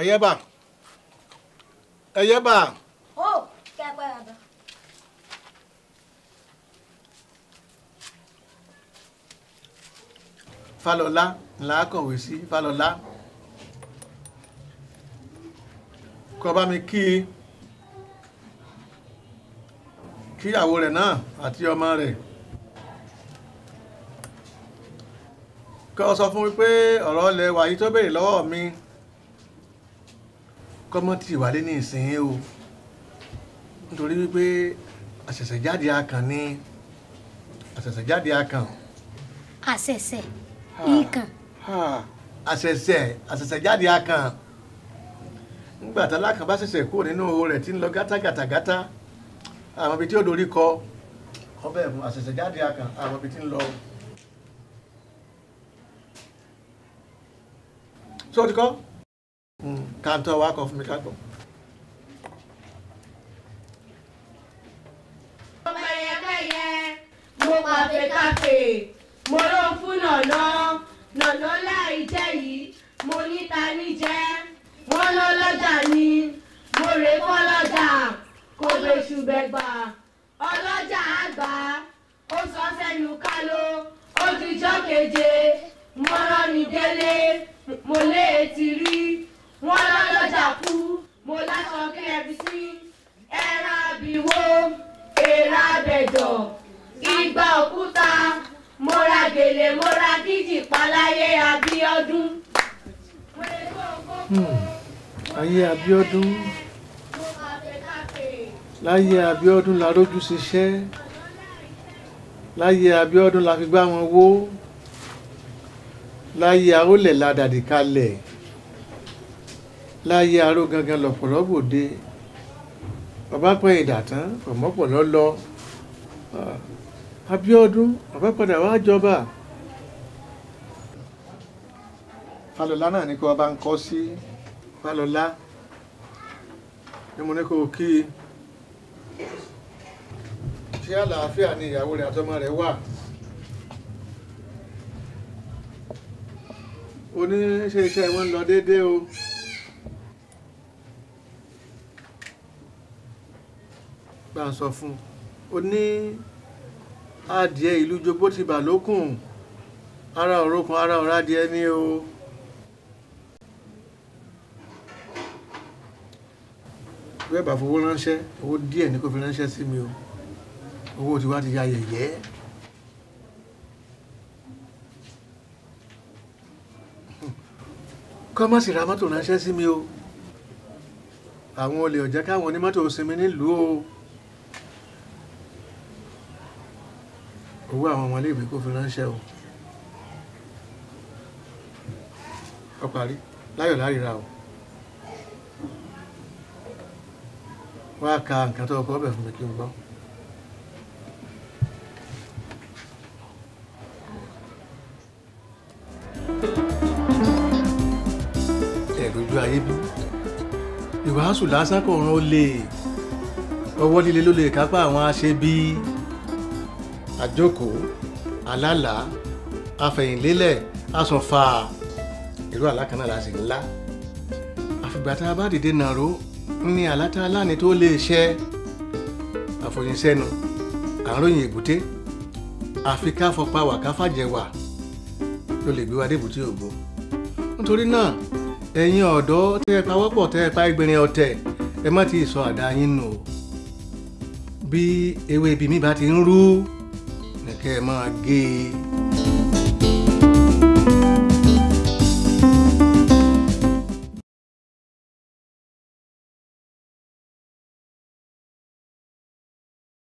ẹyẹ bá ẹyẹ bá. ó kẹ́ ẹ pẹ́ yàtọ̀. Fálọlá ńlá kọ̀wé sí Fálọlá kó bá mi kí i kíyàwó rẹ̀ náà àti ọmọ rẹ̀ kó sọ fún mi pé ọ̀rọ̀ ilẹ̀ wàyí tó béèrè lọ́wọ́ mi kọ́mọ́tì ìwálé ní ìsinyìí o nítorí wípé àṣẹ̀ṣẹ̀jáde akàn ni àṣẹ̀ṣẹ̀jáde akàn. àṣẹ̀ṣẹ̀ ikàn. àṣẹ̀ṣẹ̀ àṣẹ̀ṣẹ̀jáde akàn nígbà tá lákàn bá ṣẹ̀ṣẹ̀ kúrò nínú owó rẹ̀ tí ń lọ gátagàtagátá àwọn ibi tí ó dorí kọ ọbẹ̀ ẹ̀bùn àṣẹ̀ṣẹ̀jáde akàn àwọn ibi tí ń lọ. sọ́ọ́ ti kọ́ ká tó wá kọ mo ló ń fún nànà nànà láì jẹ yìí mo níta níjẹ wọn lọ lọ́jà ni mo rè fọ lọ́jà kò bẹṣù bẹgbà ọlọ́jà àgbà ó sọ sẹ́nu kálọ ó ti jọ́ keje mo rán mi délé mo lé etí rí láṣọ KFC ẹran àbíwó èrà àbẹ̀jọ̀ igba òkúta mo ra hmm. láyé Abíọ́dún la rójú ṣiṣẹ́ láyé Abíọ́dún la fi gbá wọn wó láyé àólẹ̀ la dàdí kalẹ̀ láyé aró gangan lọ̀pọ̀lọ́ bòde bàbá pẹ́ ìdàtán ọ̀mọ́pọ̀lọ́ lọ ah, Abíọ́dún bàbá padà wá jọba. Fálọlá náà ní kí wọ́n bá ń kọ́ sí Fálọlá ni mo ní kó o kí i ṣé àlàáfíà ni ìyàwó rẹ̀ àtọmọ rẹ̀ wà. oníṣẹ́ iṣẹ́ wọn lọ déédéé o. tá à ń sọ fún un ní adìẹ ìlú jogbó ti bà lókùn ara òrokùn ara ọ̀rá adìẹ ní o. bẹ́ẹ̀ bá fowó ránṣẹ́ owó díẹ̀ ní kò fi ránṣẹ́ sí mi o owó tiwa ti ya yẹ̀yẹ́. kọ́ ra mọ́tò ránṣẹ́ sí mi o àwọn olè ọ̀jẹ́ káwọn onímọ́tò sinmi nílùú o. owó àwọn ọmọléèwé kó fi ránṣẹ́ o ó parí láyọ̀ láríra o wá ka nǹkan tó kọ́ ọbẹ̀ fún mi kí n gbọ́. ẹ̀rọjú ayé bí ìwàásù lásán kò rán ó lè ọwọ́ líle ló lè kápá àwọn aṣebí àjókò àlálà àfẹ̀yìnlélẹ̀ àsùnfà irú àlá kan náà la sì ń lá àfìgbà tá a bá dìde nàró ní àlá tá ni tó lè ṣẹ àfòyìnsẹ́nu àròyìn èbúté àfi ká fọpa wà ká fàjẹ lè gbé wa débùté ògo nítorí náà ẹ̀yin ọ̀dọ́ tẹ́ ẹ pawọ́pọ̀ tẹ́ ẹ pa ẹgbẹ̀rin ọ̀tẹ̀ ẹ má ti sọ àdá yín nù o bí ewé ibi mi bá ti ń rú Nè kè man gig.